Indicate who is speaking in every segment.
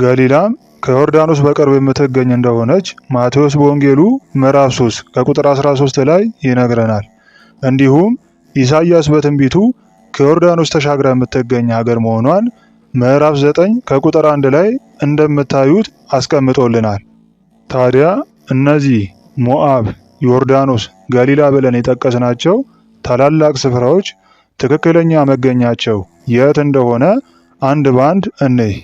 Speaker 1: ገሊላም ከዮርዳኖስ በቅርብ የምትገኝ እንደሆነች ማቴዎስ በወንጌሉ ምዕራፍ 3 ከቁጥር 13 ላይ ይነግረናል። እንዲሁም ኢሳይያስ በትንቢቱ ከዮርዳኖስ ተሻግራ የምትገኝ ሀገር መሆኗን ምዕራፍ 9 ከቁጥር 1 ላይ እንደምታዩት አስቀምጦልናል። ታዲያ እነዚህ ሞአብ፣ ዮርዳኖስ፣ ገሊላ ብለን የጠቀስናቸው ታላላቅ ስፍራዎች ትክክለኛ መገኛቸው የት እንደሆነ አንድ ባንድ እንይ።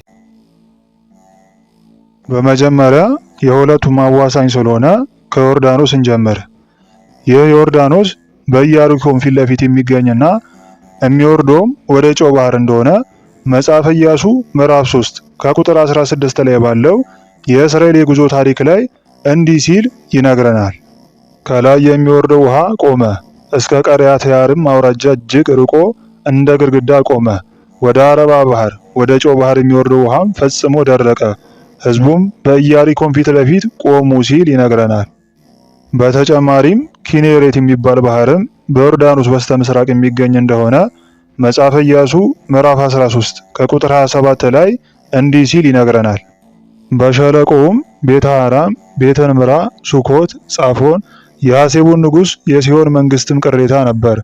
Speaker 1: በመጀመሪያ የሁለቱም አዋሳኝ ስለሆነ ከዮርዳኖስ እንጀምር። ይህ ዮርዳኖስ በኢያሪኮም ፊት ለፊት የሚገኝና የሚወርደውም ወደ ጨው ባህር እንደሆነ መጽሐፈ ኢያሱ ምዕራፍ 3 ከቁጥር 16 ላይ ባለው የእስራኤል የጉዞ ታሪክ ላይ እንዲህ ሲል ይነግረናል። ከላይ የሚወርደው ውሃ ቆመ፣ እስከ ቀሪያት ያርም አውራጃ እጅግ ርቆ እንደ ግድግዳ ቆመ። ወደ አረባ ባህር ወደ ጨው ባህር የሚወርደው ውሃም ፈጽሞ ደረቀ። ህዝቡም በኢያሪኮን ፊት ለፊት ቆሙ ሲል ይነግረናል። በተጨማሪም ኪኔሬት የሚባል ባህርም በዮርዳኖስ በስተ ምስራቅ የሚገኝ እንደሆነ መጽሐፈ ኢያሱ ምዕራፍ 13 ከቁጥር 27 ላይ እንዲህ ሲል ይነግረናል። በሸለቆውም ቤተ አራም፣ ቤተ ንምራ፣ ሱኮት፣ ጻፎን የሐሴቡን ንጉሥ የሲሆን መንግስትም ቅሬታ ነበር።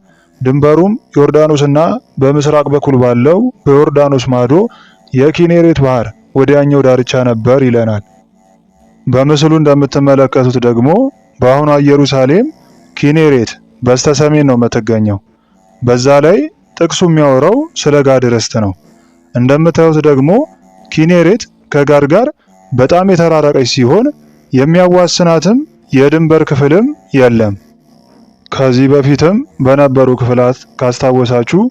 Speaker 1: ድንበሩም ዮርዳኖስና በምስራቅ በኩል ባለው በዮርዳኖስ ማዶ የኪኔሬት ባህር ወዲያኛው ዳርቻ ነበር ይለናል። በምስሉ እንደምትመለከቱት ደግሞ በአሁኗ ኢየሩሳሌም ኪኔሬት በስተሰሜን ነው የምትገኘው። በዛ ላይ ጥቅሱ የሚያወራው ስለ ርስት ነው። እንደምታዩት ደግሞ ኪኔሬት ከጋድ ጋር በጣም የተራራቀች ሲሆን የሚያዋስናትም የድንበር ክፍልም የለም። ከዚህ በፊትም በነበሩ ክፍላት ካስታወሳችሁ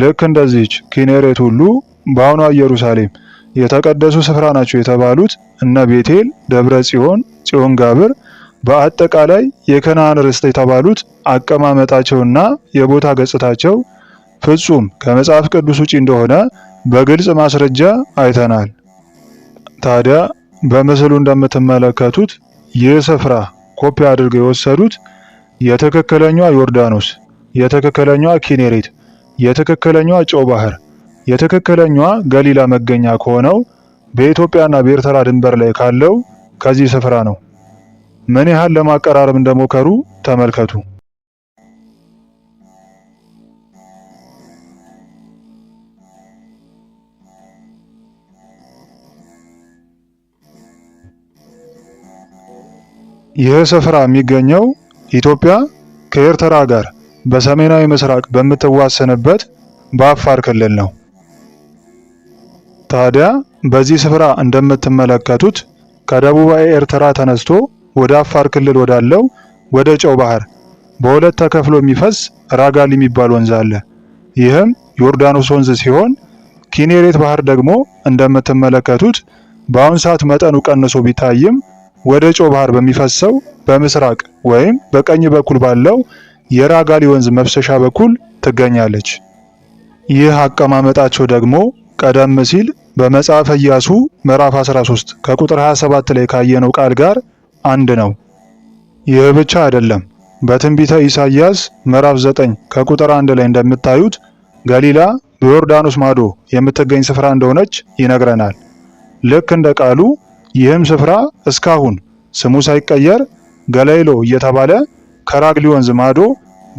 Speaker 1: ልክ እንደዚች ኪኔሬት ሁሉ በአሁኗ ኢየሩሳሌም የተቀደሱ ስፍራ ናቸው የተባሉት እነ ቤቴል፣ ደብረ ጽዮን፣ ጽዮን ጋብር በአጠቃላይ የከነዓን ርስት የተባሉት አቀማመጣቸውና የቦታ ገጽታቸው ፍጹም ከመጽሐፍ ቅዱስ ውጪ እንደሆነ በግልጽ ማስረጃ አይተናል። ታዲያ በምስሉ እንደምትመለከቱት ይህ ስፍራ ኮፒ አድርገው የወሰዱት የትክክለኛዋ ዮርዳኖስ፣ የትክክለኛዋ ኪኔሬት፣ የትክክለኛዋ ጨው ባህር የትክክለኛዋ ገሊላ መገኛ ከሆነው በኢትዮጵያና በኤርትራ ድንበር ላይ ካለው ከዚህ ስፍራ ነው። ምን ያህል ለማቀራረብ እንደሞከሩ ተመልከቱ። ይህ ስፍራ የሚገኘው ኢትዮጵያ ከኤርትራ ጋር በሰሜናዊ ምስራቅ በምትዋሰንበት በአፋር ክልል ነው። ታዲያ በዚህ ስፍራ እንደምትመለከቱት ከደቡባዊ ኤርትራ ተነስቶ ወደ አፋር ክልል ወዳለው ወደ ጨው ባህር በሁለት ተከፍሎ የሚፈስ ራጋል የሚባል ወንዝ አለ። ይህም ዮርዳኖስ ወንዝ ሲሆን ኪኔሬት ባህር ደግሞ እንደምትመለከቱት በአሁን ሰዓት መጠኑ ቀንሶ ቢታይም ወደ ጨው ባህር በሚፈሰው በምስራቅ ወይም በቀኝ በኩል ባለው የራጋሊ ወንዝ መፍሰሻ በኩል ትገኛለች። ይህ አቀማመጣቸው ደግሞ ቀደም ሲል በመጽሐፈ ኢያሱ ምዕራፍ 13 ከቁጥር 27 ላይ ካየነው ቃል ጋር አንድ ነው። ይህ ብቻ አይደለም። በትንቢተ ኢሳይያስ ምዕራፍ 9 ከቁጥር 1 ላይ እንደምታዩት ገሊላ በዮርዳኖስ ማዶ የምትገኝ ስፍራ እንደሆነች ይነግረናል። ልክ እንደ ቃሉ ይህም ስፍራ እስካሁን ስሙ ሳይቀየር ገላይሎ እየተባለ ከራግሊ ወንዝ ማዶ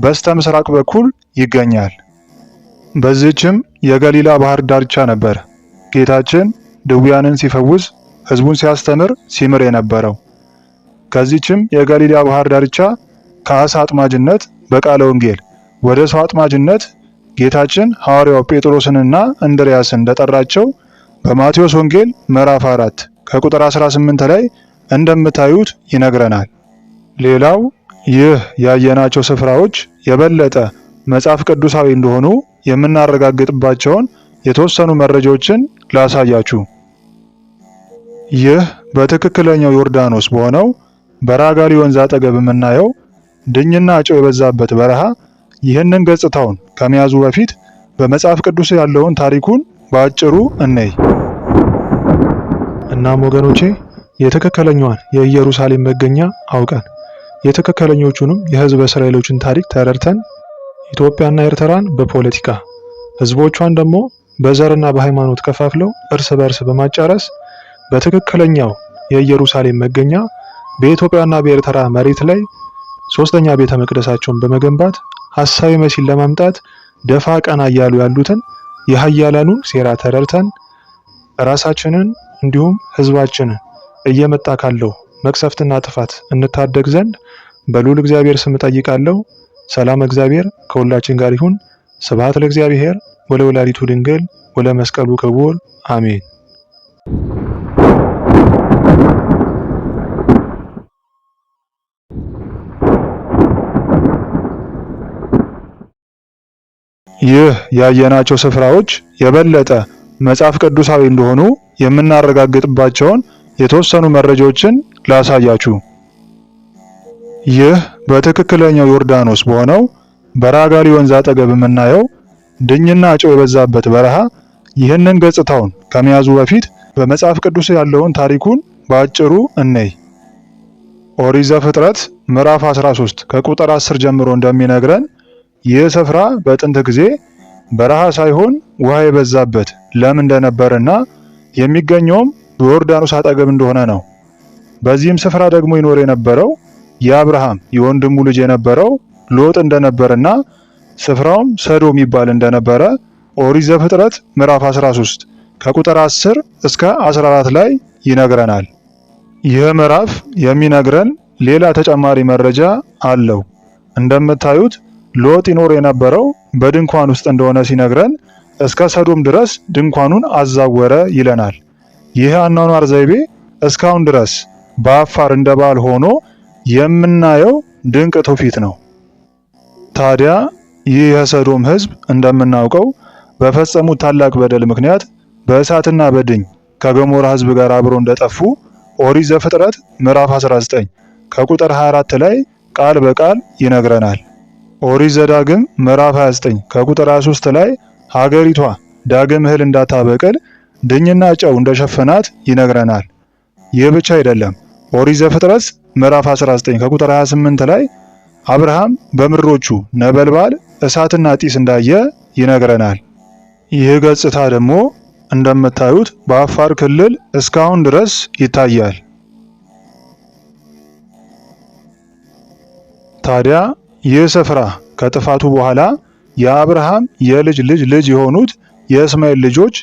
Speaker 1: በስተ ምስራቅ በኩል ይገኛል። በዚህችም የገሊላ ባህር ዳርቻ ነበር ጌታችን ድውያንን ሲፈውስ ህዝቡን ሲያስተምር ሲምር የነበረው። ከዚችም የገሊላ ባህር ዳርቻ ከአሳ አጥማጅነት በቃለ ወንጌል ወደ ሰው አጥማጅነት ጌታችን ሐዋርያው ጴጥሮስንና እንድርያስን እንደጠራቸው በማቴዎስ ወንጌል ምዕራፍ 4 ከቁጥር 18 ላይ እንደምታዩት ይነግረናል። ሌላው ይህ ያየናቸው ስፍራዎች የበለጠ መጽሐፍ ቅዱሳዊ እንደሆኑ የምናረጋግጥባቸውን የተወሰኑ መረጃዎችን ላሳያችሁ። ይህ በትክክለኛው ዮርዳኖስ በሆነው በራጋሊ ወንዝ አጠገብ የምናየው ድኝና ጨው የበዛበት በረሃ ይህንን ገጽታውን ከመያዙ በፊት በመጽሐፍ ቅዱስ ያለውን ታሪኩን በአጭሩ እነይ። እናም ወገኖቼ የትክክለኛዋን የኢየሩሳሌም መገኛ አውቀን የትክክለኞቹንም የሕዝበ እስራኤሎችን ታሪክ ተረድተን ኢትዮጵያና ኤርትራን በፖለቲካ ህዝቦቿን ደግሞ በዘርና በሃይማኖት ከፋፍለው እርስ በርስ በማጫረስ በትክክለኛው የኢየሩሳሌም መገኛ በኢትዮጵያና በኤርትራ መሬት ላይ ሶስተኛ ቤተ መቅደሳቸውን በመገንባት ሀሳዊ መሲል ለማምጣት ደፋ ቀና እያሉ ያሉትን የሀያላኑን ሴራ ተረድተን ራሳችንን እንዲሁም ህዝባችንን እየመጣ ካለው መቅሰፍትና ጥፋት እንታደግ ዘንድ በሉል እግዚአብሔር ስም ጠይቃለሁ። ሰላም እግዚአብሔር ከሁላችን ጋር ይሁን። ስብሐት ለእግዚአብሔር ወለወላዲቱ ድንግል ወለመስቀሉ ክቡር አሜን። ይህ ያየናቸው ስፍራዎች የበለጠ መጽሐፍ ቅዱሳዊ እንደሆኑ የምናረጋግጥባቸውን የተወሰኑ መረጃዎችን ላሳያችሁ። ይህ በትክክለኛው ዮርዳኖስ በሆነው በራጋሊ ወንዝ አጠገብ የምናየው ድኝና ጨው የበዛበት በረሃ ይህንን ገጽታውን ከመያዙ በፊት በመጽሐፍ ቅዱስ ያለውን ታሪኩን በአጭሩ እንይ። ኦሪት ዘፍጥረት ምዕራፍ 13 ከቁጥር 10 ጀምሮ እንደሚነግረን ይህ ስፍራ በጥንት ጊዜ በረሃ ሳይሆን ውሃ የበዛበት ለም እንደነበርና የሚገኘውም በዮርዳኖስ አጠገብ እንደሆነ ነው። በዚህም ስፍራ ደግሞ ይኖር የነበረው የአብርሃም የወንድሙ ልጅ የነበረው ሎጥ እንደነበረና ስፍራውም ሰዶም ይባል እንደነበረ ኦሪት ዘፍጥረት ምዕራፍ 13 ከቁጥር 10 እስከ 14 ላይ ይነግረናል። ይህ ምዕራፍ የሚነግረን ሌላ ተጨማሪ መረጃ አለው። እንደምታዩት ሎጥ ይኖር የነበረው በድንኳን ውስጥ እንደሆነ ሲነግረን እስከ ሰዶም ድረስ ድንኳኑን አዛወረ ይለናል። ይህ አኗኗር ዘይቤ እስካሁን ድረስ በአፋር እንደ ባህል ሆኖ የምናየው ድንቅ ትውፊት ነው። ታዲያ ይህ የሰዶም ሕዝብ እንደምናውቀው በፈጸሙት ታላቅ በደል ምክንያት በእሳትና በድኝ ከገሞራ ሕዝብ ጋር አብሮ እንደጠፉ ኦሪት ዘፍጥረት ምዕራፍ 19 ከቁጥር 24 ላይ ቃል በቃል ይነግረናል። ኦሪት ዘዳግም ምዕራፍ 29 ከቁጥር 23 ላይ ሀገሪቷ ዳግም እህል እንዳታበቅል ድኝና ጨው እንደሸፈናት ይነግረናል። ይህ ብቻ አይደለም። ኦሪት ዘፍጥረት ምዕራፍ 19 ከቁጥር 28 ላይ አብርሃም በምድሮቹ ነበልባል፣ እሳትና ጢስ እንዳየ ይነግረናል። ይህ ገጽታ ደግሞ እንደምታዩት በአፋር ክልል እስካሁን ድረስ ይታያል። ታዲያ ይህ ስፍራ ከጥፋቱ በኋላ የአብርሃም የልጅ ልጅ ልጅ የሆኑት የእስማኤል ልጆች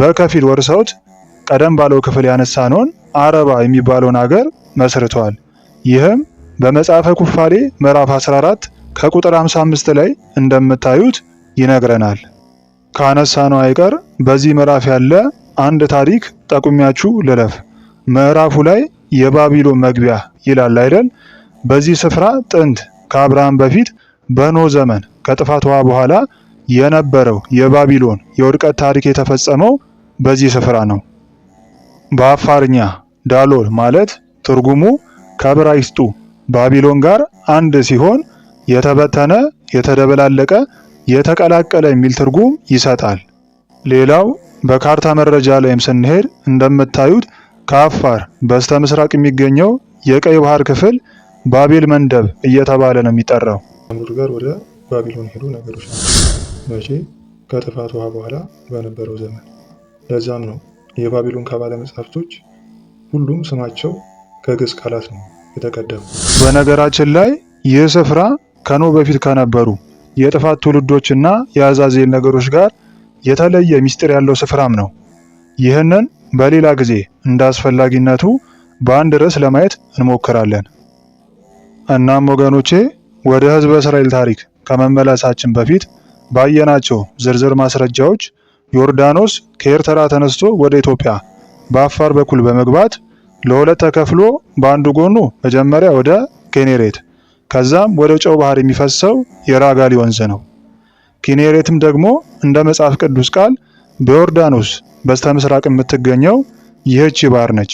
Speaker 1: በከፊል ወርሰውት ቀደም ባለው ክፍል ያነሳነውን አረባ የሚባለውን አገር መስርቷል። ይህም በመጽሐፈ ኩፋሌ ምዕራፍ 14 ከቁጥር 55 ላይ እንደምታዩት ይነግረናል። ካነሳነው አይቀር በዚህ ምዕራፍ ያለ አንድ ታሪክ ጠቁሚያችሁ ልለፍ። ምዕራፉ ላይ የባቢሎን መግቢያ ይላል አይደል? በዚህ ስፍራ ጥንት ከአብርሃም በፊት በኖ ዘመን ከጥፋት ውሃ በኋላ የነበረው የባቢሎን የውድቀት ታሪክ የተፈጸመው በዚህ ስፍራ ነው። በአፋርኛ ዳሎል ማለት ትርጉሙ ከብራይስጡ ባቢሎን ጋር አንድ ሲሆን የተበተነ፣ የተደበላለቀ፣ የተቀላቀለ የሚል ትርጉም ይሰጣል። ሌላው በካርታ መረጃ ላይም ስንሄድ እንደምታዩት ከአፋር በስተ ምስራቅ የሚገኘው የቀይ ባህር ክፍል ባቢል መንደብ እየተባለ ነው የሚጠራው። አምሩድ ጋር ወደ ባቢሎን ሄዱ ነገሮች መቼ ከጥፋት ውሃ በኋላ በነበረው ዘመን። ለዛም ነው የባቢሎን ካባለ መጽሐፍቶች ሁሉም ስማቸው ከግዕዝ ቃላት ነው የተቀደሙ።
Speaker 2: በነገራችን ላይ ይህ ስፍራ ከኖ በፊት ከነበሩ የጥፋት ትውልዶችና የአዛዜል ነገሮች ጋር የተለየ ምስጢር ያለው ስፍራም ነው። ይህንን በሌላ ጊዜ እንደ አስፈላጊነቱ በአንድ ርዕስ ለማየት እንሞክራለን። እናም ወገኖቼ ወደ ህዝበ እስራኤል ታሪክ ከመመለሳችን በፊት ባየናቸው ዝርዝር ማስረጃዎች ዮርዳኖስ ከኤርትራ ተነስቶ ወደ ኢትዮጵያ በአፋር በኩል በመግባት ለሁለት ተከፍሎ በአንዱ ጎኑ መጀመሪያ ወደ ኬኔሬት ከዛም ወደ ጨው ባህር የሚፈሰው የራጋሊ ወንዝ ነው። ኪኔሬትም ደግሞ እንደ መጽሐፍ ቅዱስ ቃል በዮርዳኖስ በስተ ምስራቅ የምትገኘው ይህች ባህር ነች።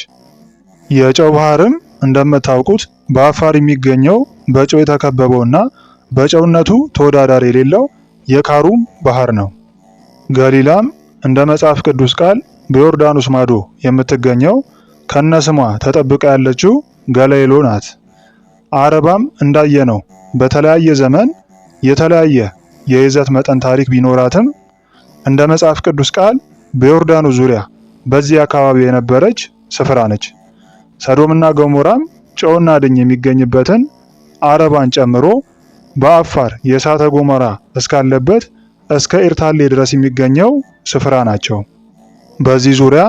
Speaker 2: የጨው ባህርም እንደምታውቁት በአፋር የሚገኘው በጨው የተከበበውና በጨውነቱ ተወዳዳሪ የሌለው የካሩም ባህር ነው። ገሊላም እንደ መጽሐፍ ቅዱስ ቃል በዮርዳኖስ ማዶ የምትገኘው ከነስሟ ተጠብቃ ያለችው ገላይሎ ናት። አረባም እንዳየነው በተለያየ ዘመን የተለያየ የይዘት መጠን ታሪክ ቢኖራትም እንደ መጽሐፍ ቅዱስ ቃል በዮርዳኖስ ዙሪያ በዚህ አካባቢ የነበረች ስፍራ ነች። ሰዶምና ገሞራም ጨውና ድኝ የሚገኝበትን አረባን ጨምሮ በአፋር የእሳተ ገሞራ እስካለበት እስከ ኤርታሌ ድረስ የሚገኘው ስፍራ ናቸው። በዚህ ዙሪያ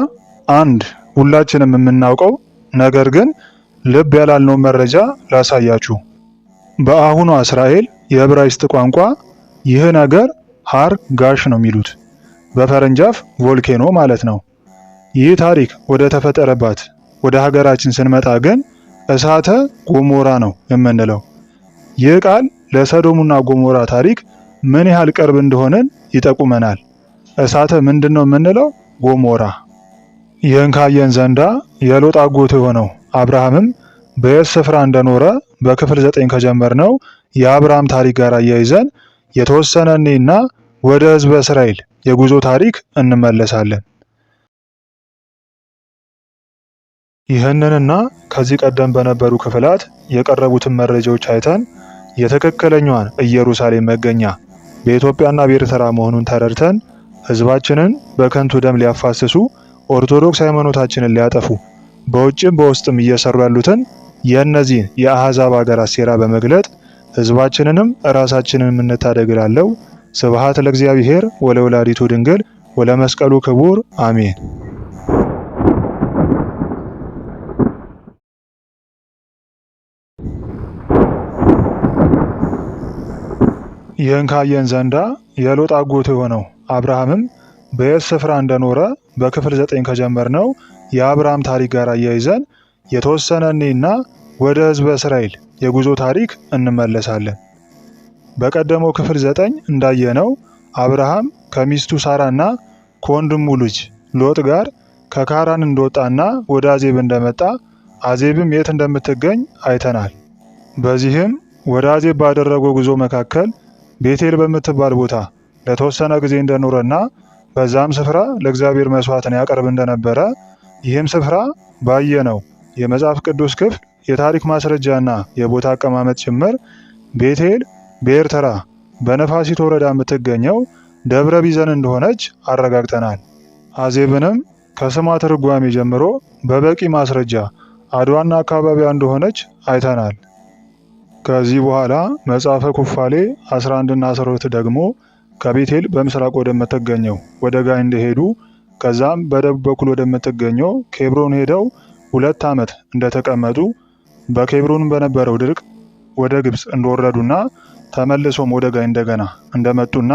Speaker 2: አንድ ሁላችንም የምናውቀው ነገር ግን ልብ ያላልነው መረጃ ላሳያችሁ። በአሁኗ እስራኤል የዕብራይስጥ ቋንቋ ይህ ነገር ሀር ጋሽ ነው የሚሉት በፈረንጃፍ ቮልኬኖ ማለት ነው። ይህ ታሪክ ወደ ተፈጠረባት ወደ ሀገራችን ስንመጣ ግን እሳተ ጎሞራ ነው የምንለው። ይህ ቃል ለሰዶሙና ጎሞራ ታሪክ ምን ያህል ቅርብ እንደሆንን ይጠቁመናል። እሳተ ምንድን ነው የምንለው? ጎሞራ። ይህን ካየን ዘንዳ የሎጥ አጎቱ የሆነው አብርሃምም በየት ስፍራ እንደኖረ በክፍል ዘጠኝ ከጀመርነው የአብርሃም ታሪክ ጋር አያይዘን የተወሰነ እኔና ወደ ህዝበ እስራኤል የጉዞ ታሪክ እንመለሳለን። ይህንንና ከዚህ ቀደም በነበሩ ክፍላት የቀረቡትን መረጃዎች አይተን የትክክለኛዋን ኢየሩሳሌም መገኛ በኢትዮጵያና በኤርትራ መሆኑን ተረድተን ህዝባችንን በከንቱ ደም ሊያፋስሱ ኦርቶዶክስ ሃይማኖታችንን ሊያጠፉ በውጭም በውስጥም እየሰሩ ያሉትን የእነዚህን የአህዛብ ሀገራት ሴራ በመግለጥ ህዝባችንንም ራሳችንን የምንታደግላለው። ስብሐት ለእግዚአብሔር ወለወላዲቱ ድንግል ወለመስቀሉ ክቡር አሜን። የንካየን ዘንዳ የሎጥ አጎቱ የሆነው አብርሃምም በየት ስፍራ እንደኖረ በክፍል ዘጠኝ ከጀመርነው የአብርሃም ታሪክ ጋር አያይዘን የተወሰነ እኔና ወደ ህዝበ እስራኤል የጉዞ ታሪክ እንመለሳለን። በቀደመው ክፍል ዘጠኝ እንዳየነው አብርሃም ከሚስቱ ሳራና ከወንድሙ ልጅ ሎጥ ጋር ከካራን እንደወጣና ወደ አዜብ እንደመጣ አዜብም የት እንደምትገኝ አይተናል። በዚህም ወደ አዜብ ባደረገው ጉዞ መካከል ቤቴል በምትባል ቦታ ለተወሰነ ጊዜ እንደኖረና በዛም ስፍራ ለእግዚአብሔር መስዋዕትን ያቀርብ እንደነበረ ይህም ስፍራ ባየነው የመጽሐፍ ቅዱስ ክፍል የታሪክ ማስረጃና የቦታ አቀማመጥ ጭምር ቤቴል በኤርትራ በነፋሲት ወረዳ የምትገኘው ደብረ ቢዘን እንደሆነች አረጋግጠናል። አዜብንም ከስሟ ትርጓሜ ጀምሮ በበቂ ማስረጃ አድዋና አካባቢያ እንደሆነች አይተናል። ከዚህ በኋላ መጽሐፈ ኩፋሌ 11ና 12 ደግሞ ከቤቴል በምስራቅ ወደምትገኘው ወደ ጋይ እንደሄዱ ከዛም በደቡብ በኩል ወደምትገኘው ኬብሮን ሄደው ሁለት ዓመት እንደተቀመጡ በኬብሮን በነበረው ድርቅ ወደ ግብፅ እንደወረዱና ተመልሶም ወደ ጋይ እንደገና እንደመጡና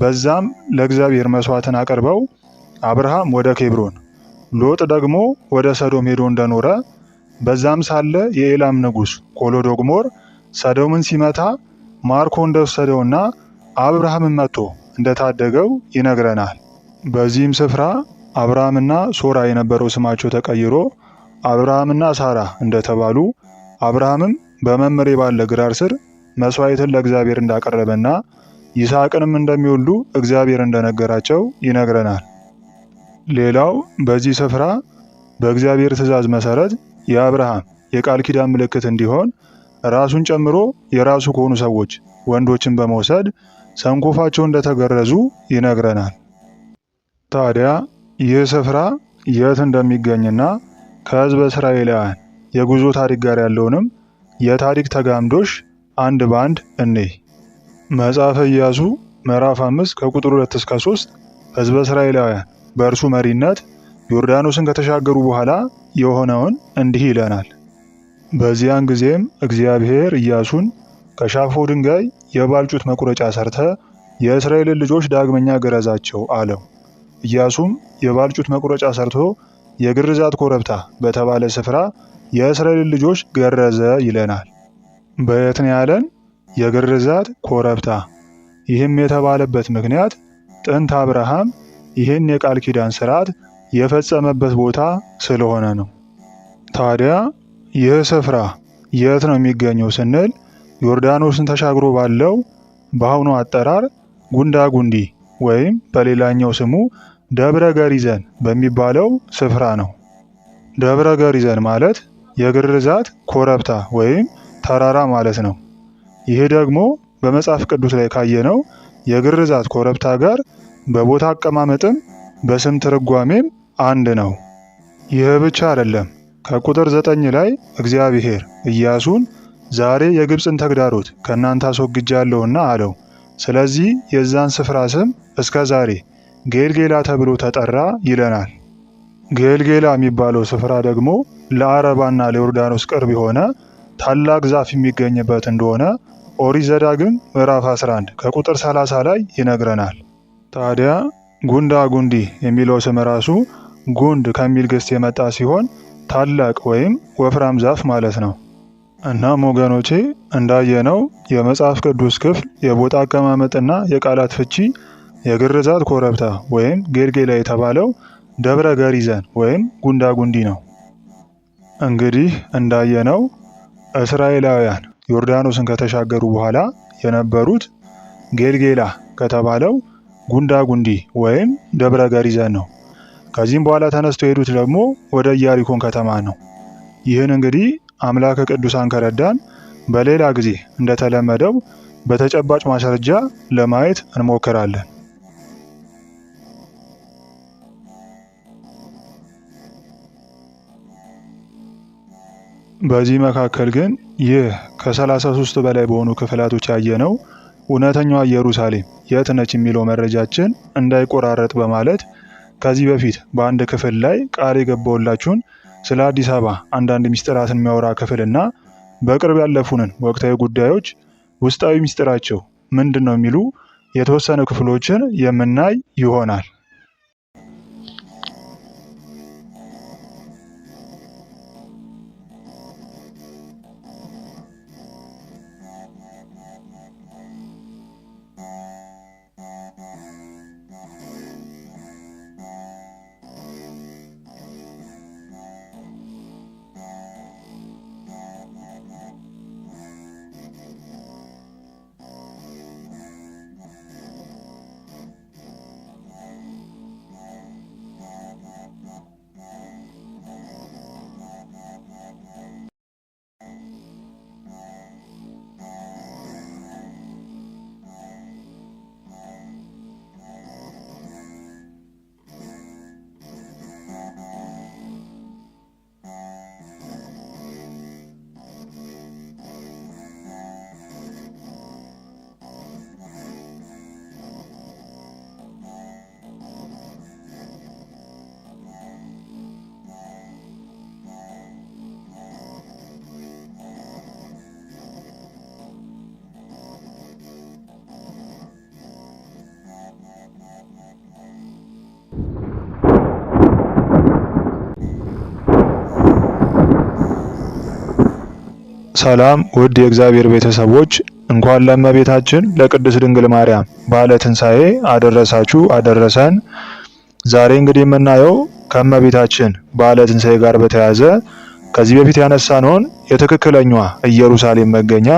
Speaker 2: በዛም ለእግዚአብሔር መስዋዕትን አቅርበው አብርሃም ወደ ኬብሮን ሎጥ ደግሞ ወደ ሰዶም ሄዶ እንደኖረ በዛም ሳለ የኤላም ንጉሥ ኮሎዶግሞር ሰዶምን ሲመታ ማርኮ እንደወሰደውና አብርሃምን መጥቶ እንደታደገው ይነግረናል። በዚህም ስፍራ አብርሃምና ሶራ የነበረው ስማቸው ተቀይሮ አብርሃምና ሳራ እንደተባሉ አብርሃምም በመምሬ ባለ ግራር ስር መስዋዕትን ለእግዚአብሔር እንዳቀረበና ይስሐቅንም እንደሚወልዱ እግዚአብሔር እንደነገራቸው ይነግረናል። ሌላው በዚህ ስፍራ በእግዚአብሔር ትእዛዝ መሰረት የአብርሃም የቃል ኪዳን ምልክት እንዲሆን ራሱን ጨምሮ የራሱ ከሆኑ ሰዎች ወንዶችን በመውሰድ ሰንኮፋቸው እንደተገረዙ ይነግረናል። ታዲያ ይህ ስፍራ የት እንደሚገኝና ከህዝብ እስራኤላውያን የጉዞ ታሪክ ጋር ያለውንም የታሪክ ተጋምዶሽ አንድ በአንድ እኔ መጽሐፈ ኢያሱ ምዕራፍ 5 ከቁጥር 2 እስከ 3 ህዝብ እስራኤላውያን በእርሱ መሪነት ዮርዳኖስን ከተሻገሩ በኋላ የሆነውን እንዲህ ይለናል። በዚያን ጊዜም እግዚአብሔር ኢያሱን ከሻፎ ድንጋይ የባልጩት መቁረጫ ሰርተ የእስራኤልን ልጆች ዳግመኛ ገረዛቸው አለው። ኢያሱም የባልጩት መቁረጫ ሰርቶ የግርዛት ኮረብታ በተባለ ስፍራ የእስራኤልን ልጆች ገረዘ ይለናል። በየትን ያለን? የግርዛት ኮረብታ። ይህም የተባለበት ምክንያት ጥንት አብርሃም ይህን የቃል ኪዳን ስርዓት የፈጸመበት ቦታ ስለሆነ ነው። ታዲያ ይህ ስፍራ የት ነው የሚገኘው ስንል ዮርዳኖስን ተሻግሮ ባለው በአሁኑ አጠራር ጉንዳጉንዲ ወይም በሌላኛው ስሙ ደብረ ገሪዘን በሚባለው ስፍራ ነው። ደብረ ገሪዘን ማለት የግርዛት ኮረብታ ወይም ተራራ ማለት ነው። ይህ ደግሞ በመጽሐፍ ቅዱስ ላይ ካየነው የግርዛት ኮረብታ ጋር በቦታ አቀማመጥም በስም ትርጓሜም አንድ ነው። ይህ ብቻ አይደለም። ከቁጥር ዘጠኝ ላይ እግዚአብሔር ኢያሱን ዛሬ የግብፅን ተግዳሮት ከእናንተ አስወግጃለሁና አለው። ስለዚህ የዛን ስፍራ ስም እስከ ዛሬ ጌልጌላ ተብሎ ተጠራ ይለናል። ጌልጌላ የሚባለው ስፍራ ደግሞ ለአረባና ለዮርዳኖስ ቅርብ የሆነ ታላቅ ዛፍ የሚገኝበት እንደሆነ ኦሪት ዘዳግም ምዕራፍ 11 ከቁጥር 30 ላይ ይነግረናል። ታዲያ ጉንዳ ጉንዲ የሚለው ስም ራሱ ጉንድ ከሚል ግስት የመጣ ሲሆን ታላቅ ወይም ወፍራም ዛፍ ማለት ነው። እናም ወገኖቼ እንዳየነው የመጽሐፍ ቅዱስ ክፍል የቦታ አቀማመጥና የቃላት ፍቺ የግርዛት ኮረብታ ወይም ጌርጌላ የተባለው ደብረ ገሪዘን ወይም ጉንዳጉንዲ ነው። እንግዲህ እንዳየነው እስራኤላውያን ዮርዳኖስን ከተሻገሩ በኋላ የነበሩት ጌልጌላ ከተባለው ጉንዳጉንዲ ወይም ደብረ ገሪዘን ነው። ከዚህም በኋላ ተነስተው የሄዱት ደግሞ ወደ ኢያሪኮን ከተማ ነው። ይህን እንግዲህ አምላከ ቅዱሳን ከረዳን በሌላ ጊዜ እንደተለመደው በተጨባጭ ማስረጃ ለማየት እንሞክራለን። በዚህ መካከል ግን ይህ ከ33 በላይ በሆኑ ክፍላቶች ያየነው እውነተኛዋ ኢየሩሳሌም የት ነች የሚለው መረጃችን እንዳይቆራረጥ በማለት ከዚህ በፊት በአንድ ክፍል ላይ ቃል የገባውላችሁን ስለ አዲስ አበባ አንዳንድ ሚስጥራትን የሚያወራ ክፍል እና በቅርብ ያለፉንን ወቅታዊ ጉዳዮች ውስጣዊ ሚስጥራቸው ምንድን ነው የሚሉ የተወሰኑ ክፍሎችን የምናይ ይሆናል።
Speaker 3: ሰላም ውድ የእግዚአብሔር ቤተሰቦች እንኳን ለእመቤታችን ለቅድስት ድንግል ማርያም በዓለ ትንሣኤ አደረሳችሁ አደረሰን። ዛሬ እንግዲህ የምናየው ከእመቤታችን በዓለ ትንሣኤ ጋር በተያያዘ ከዚህ በፊት ያነሳነውን የትክክለኛዋ ኢየሩሳሌም መገኛ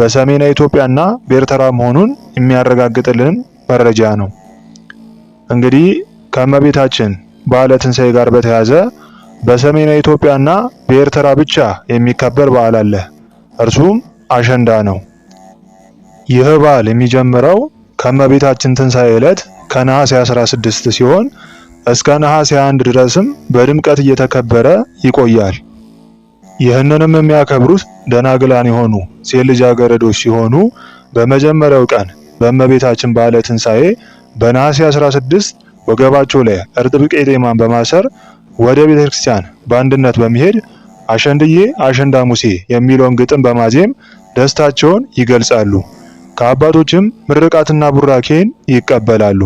Speaker 3: በሰሜን ኢትዮጵያና በኤርትራ መሆኑን የሚያረጋግጥልን መረጃ ነው። እንግዲህ ከእመቤታችን በዓለ ትንሣኤ ጋር በተያያዘ በሰሜን ኢትዮጵያና በኤርትራ ብቻ የሚከበር በዓል አለ። እርሱም አሸንዳ ነው። ይህ በዓል የሚጀምረው ከእመቤታችን ትንሣኤ ዕለት ከነሐሴ 16 ሲሆን እስከ ነሐሴ 1 ድረስም በድምቀት እየተከበረ ይቆያል። ይህንንም የሚያከብሩት ደናግላን የሆኑ ሴት ልጃገረዶች ሲሆኑ በመጀመሪያው ቀን በእመቤታችን በዓለ ትንሣኤ በነሐሴ 16 ወገባቸው ላይ እርጥብ ቄጤማን በማሰር ወደ ቤተክርስቲያን በአንድነት በመሄድ አሸንድዬ አሸንዳ ሙሴ የሚለውን ግጥም በማዜም ደስታቸውን ይገልጻሉ። ከአባቶችም ምርቃትና ቡራኬን ይቀበላሉ።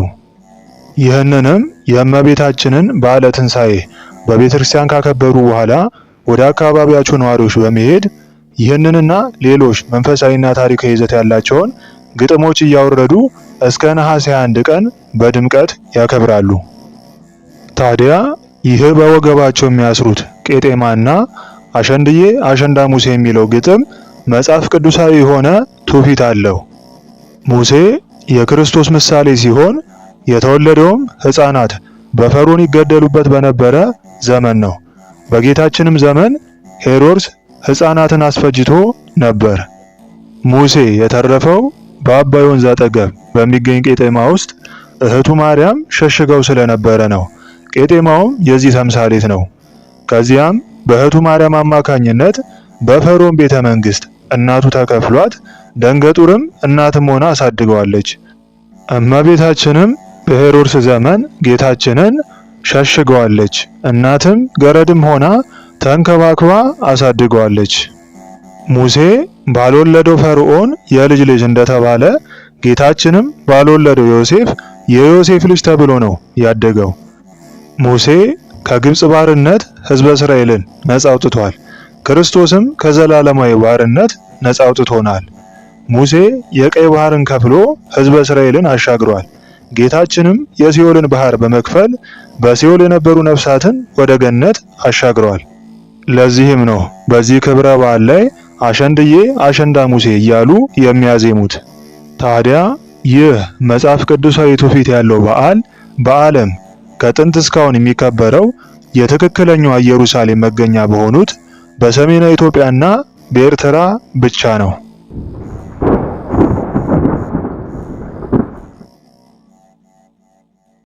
Speaker 3: ይህንንም የእመቤታችንን በዓለ ትንሣኤ በቤተ ክርስቲያን ካከበሩ በኋላ ወደ አካባቢያቸው ነዋሪዎች በመሄድ ይህንንና ሌሎች መንፈሳዊና ታሪካዊ ይዘት ያላቸውን ግጥሞች እያወረዱ እስከ ነሐሴ አንድ ቀን በድምቀት ያከብራሉ። ታዲያ ይህ በወገባቸው የሚያስሩት ቄጤማና አሸንድዬ አሸንዳ ሙሴ የሚለው ግጥም መጽሐፍ ቅዱሳዊ የሆነ ትውፊት አለው። ሙሴ የክርስቶስ ምሳሌ ሲሆን የተወለደውም ሕፃናት በፈሮን ይገደሉበት በነበረ ዘመን ነው። በጌታችንም ዘመን ሄሮድስ ሕፃናትን አስፈጅቶ ነበር። ሙሴ የተረፈው በአባይ ወንዝ አጠገብ በሚገኝ ቄጤማ ውስጥ እህቱ ማርያም ሸሽገው ስለነበረ ነው። ቄጤማውም የዚህ ተምሳሌት ነው። ከዚያም በእህቱ ማርያም አማካኝነት በፈሮን ቤተ መንግስት እናቱ ተከፍሏት ደንገጡርም እናትም ሆና አሳድገዋለች። እመቤታችንም በሄሮድስ ዘመን ጌታችንን ሸሽገዋለች። እናትም ገረድም ሆና ተንከባክባ አሳድገዋለች። ሙሴ ባልወለደው ፈርዖን የልጅ ልጅ እንደተባለ ጌታችንም ባልወለደው ዮሴፍ የዮሴፍ ልጅ ተብሎ ነው ያደገው። ሙሴ ከግብፅ ባርነት ሕዝበ እስራኤልን ነፃ አውጥቷል። ክርስቶስም ከዘላለማዊ ባርነት ነፃ አውጥቶናል። ሙሴ የቀይ ባህርን ከፍሎ ሕዝበ እስራኤልን አሻግሯል። ጌታችንም የሲኦልን ባህር በመክፈል በሲኦል የነበሩ ነፍሳትን ወደ ገነት አሻግሯል። ለዚህም ነው በዚህ ክብረ በዓል ላይ አሸንድዬ አሸንዳ ሙሴ እያሉ የሚያዜሙት። ታዲያ ይህ መጽሐፍ ቅዱሳዊ ትውፊት ያለው በዓል በዓለም ከጥንት እስካሁን የሚከበረው የትክክለኛዋ ኢየሩሳሌም መገኛ በሆኑት በሰሜናዊ ኢትዮጵያና በኤርትራ ብቻ ነው።